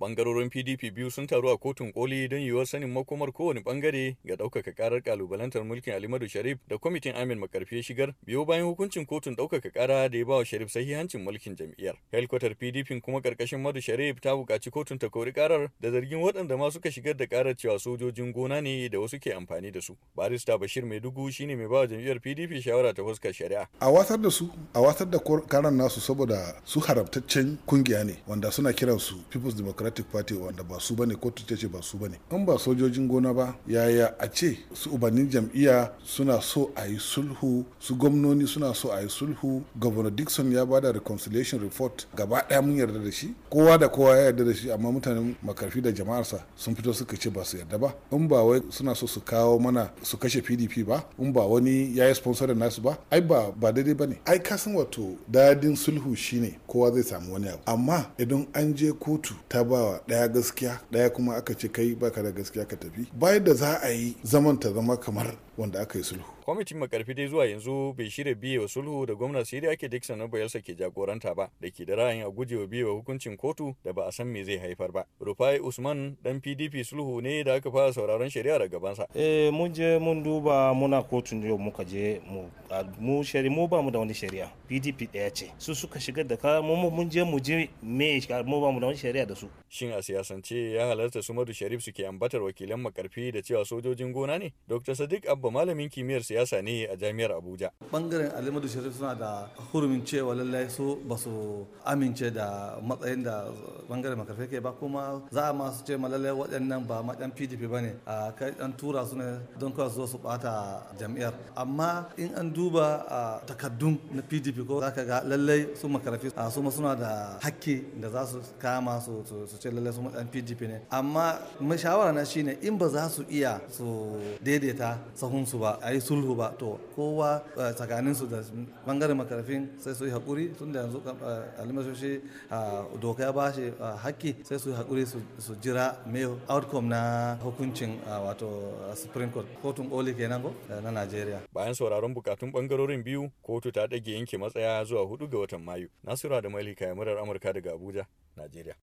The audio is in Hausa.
Bangarorin PDP biyu sun taru a kotun koli don yiwuwar sanin makomar kowane bangare ga ɗaukaka karar kalubalantar mulkin Alimadu Sharif da kwamitin Amin Makarfi shigar biyo bayan hukuncin kotun ɗaukaka kara da ya ba Sharif sahihancin mulkin jam'iyyar. Helkwatar PDP kuma karkashin Madu Sharif ta buƙaci kotun ta kori karar da zargin waɗanda ma suka shigar da karar cewa sojojin gona ne da wasu ke amfani da su. Barista Bashir Maidugu shine mai bawa wa jam'iyyar PDP shawara ta fuskar shari'a. A watar da su, a watar da karar nasu saboda su haramtaccen kungiya ne wanda suna kiransu People's Democratic democratic party wanda ba su bane kotu ce ba su bane in ba sojojin gona ba yaya a ce su ubannin jam'iyya suna so a yi sulhu su gwamnoni suna so a yi sulhu governor dixon ya ba da reconciliation report gaba daya mun yarda da shi kowa da kowa ya yarda da shi amma mutanen makarfi da jama'arsa sun fito suka ce ba su yarda ba in ba wai suna so su kawo mana su kashe pdp ba in ba wani ya yi sponsor da nasu ba ai ba ba daidai ba ne ai kasan wato dadin sulhu shine kowa zai samu wani abu amma idan an je kotu ta ba bawa ɗaya gaskiya ɗaya kuma aka ce kai baka da gaskiya ka tafi bayan da za a yi zaman ta zama kamar wanda aka yi sulhu. Kwamitin makarfi dai zuwa yanzu bai shirya biye wa sulhu da sai dai ake Dixon na bayarsa ke jagoranta ba da ke da ra'ayin a gujewa biye wa hukuncin kotu da ba a san me zai haifar ba. Rufai Usman dan PDP sulhu ne da aka fara sauraron shari'a da gabansa. Eh mun je mun duba muna kotun yau muka je mu mu mu ba mu da wani shari'a PDP ɗaya ce su suka shigar da ka mu mun je mu je me mu ba mu da wani shari'a da su. Shin a siyasance ya halarta su Madu Sharif suke ambatar wakilan makarfi da cewa sojojin gona ne? Dr. Sadiq Abba malamin kimiyyar siyasa ne a jami'ar Abuja. Bangaren Alimadu Sharif suna da hurumin cewa lallai su ba su amince da matsayin da bangaren makarfe ke ba kuma za a masu ce lallai waɗannan ba ma ɗan PDP ba ne a kai an tura su ne don kawai su su ɓata jam'iyyar. Amma in an duba a takaddun na PDP ko za ka ga lallai su a su ma suna da hakki da za su kama su su ce lallai su ɗan PDP ne. Amma mashawara na shine in ba za su iya su daidaita sahun su ba a yi sulhu ba to kowa eh, tsakaninsu da bangaren makarfin sai su yi haƙuri tun da yanzu eh, almashoshi eh, doka ya bashi haƙƙi sai su yi haƙuri su jira mai outcome na hukuncin wato supreme court kotun oli kenan ko na nigeria. bayan sauraron bukatun bangarorin biyu kotu ta ɗage yanke matsaya zuwa hudu ga watan mayu nasura da malika murar amurka daga abuja nigeria.